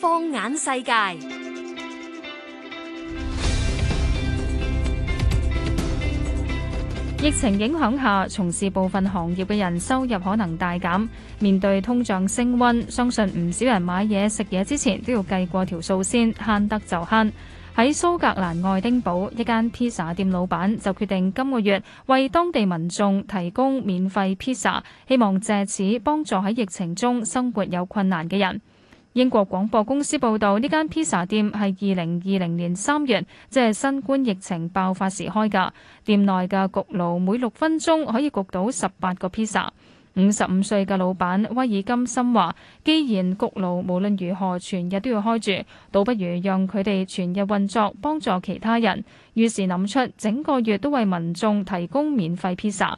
放眼世界，疫情影響下，從事部分行業嘅人收入可能大減。面對通脹升温，相信唔少人買嘢食嘢之前都要計過條數先，慳得就慳。喺蘇格蘭愛丁堡一間披薩店老闆就決定今個月為當地民眾提供免費披薩，希望藉此幫助喺疫情中生活有困難嘅人。英國廣播公司報道，呢間披薩店係二零二零年三月，即係新冠疫情爆發時開㗎，店內嘅焗爐每六分鐘可以焗到十八個披薩。五十五歲嘅老闆威爾金森話：既然焗爐無論如何全日都要開住，倒不如讓佢哋全日運作，幫助其他人。於是諗出整個月都為民眾提供免費披薩。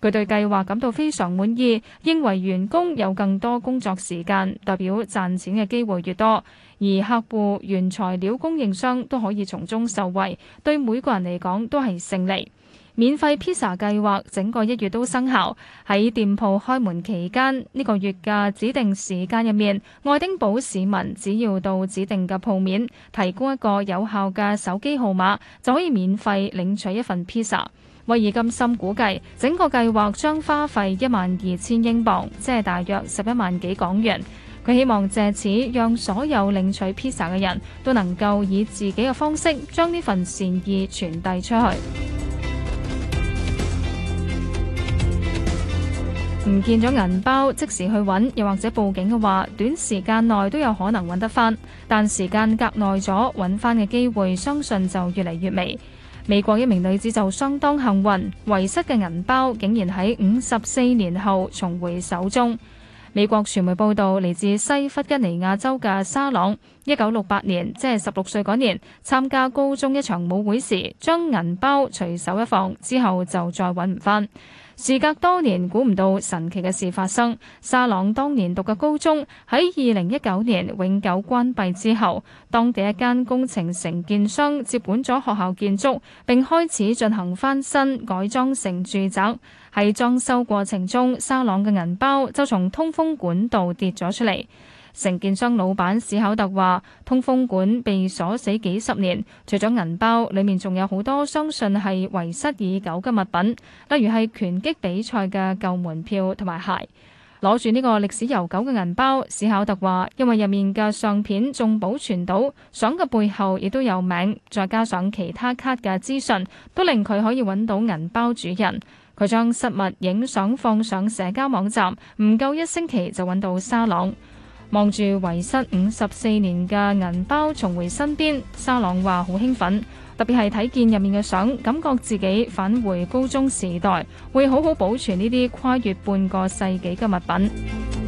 佢對計劃感到非常滿意，認為員工有更多工作時間，代表賺錢嘅機會越多，而客戶、原材料供應商都可以從中受惠，對每個人嚟講都係勝利。免費披薩計劃整個一月都生效，喺店鋪開門期間呢、這個月嘅指定時間入面，愛丁堡市民只要到指定嘅鋪面提供一個有效嘅手機號碼，就可以免費領取一份披薩。惠爾金深估計整個計劃將花費一萬二千英鎊，即、就、係、是、大約十一萬幾港元。佢希望借此讓所有領取披薩嘅人都能夠以自己嘅方式將呢份善意傳遞出去。唔見咗銀包，即時去揾，又或者報警嘅話，短時間內都有可能揾得翻。但時間隔耐咗，揾翻嘅機會相信就越嚟越微。美國一名女子就相當幸運，遺失嘅銀包竟然喺五十四年後重回手中。美國傳媒報道，嚟自西弗吉尼亞州嘅沙朗，一九六八年，即係十六歲嗰年，參加高中一場舞會時，將銀包隨手一放，之後就再揾唔翻。事隔多年，估唔到神奇嘅事發生。沙朗當年讀嘅高中喺二零一九年永久關閉之後，當地一間工程承建商接管咗學校建築，並開始進行翻新改裝成住宅。喺裝修過程中，沙朗嘅銀包就從通風管道跌咗出嚟。承建商老闆史考特話，通風管被鎖死幾十年，除咗銀包，裏面仲有好多相信係遺失已久嘅物品，例如係拳擊比賽嘅舊門票同埋鞋。攞住呢個歷史悠久嘅銀包，史考特話，因為入面嘅相片仲保存到，相嘅背後亦都有名，再加上其他卡嘅資訊，都令佢可以揾到銀包主人。佢將失物影相放上社交網站，唔夠一星期就揾到沙朗。望住遺失五十四年嘅銀包重回身邊，沙朗話好興奮，特別係睇見入面嘅相，感覺自己返回高中時代，會好好保存呢啲跨越半個世紀嘅物品。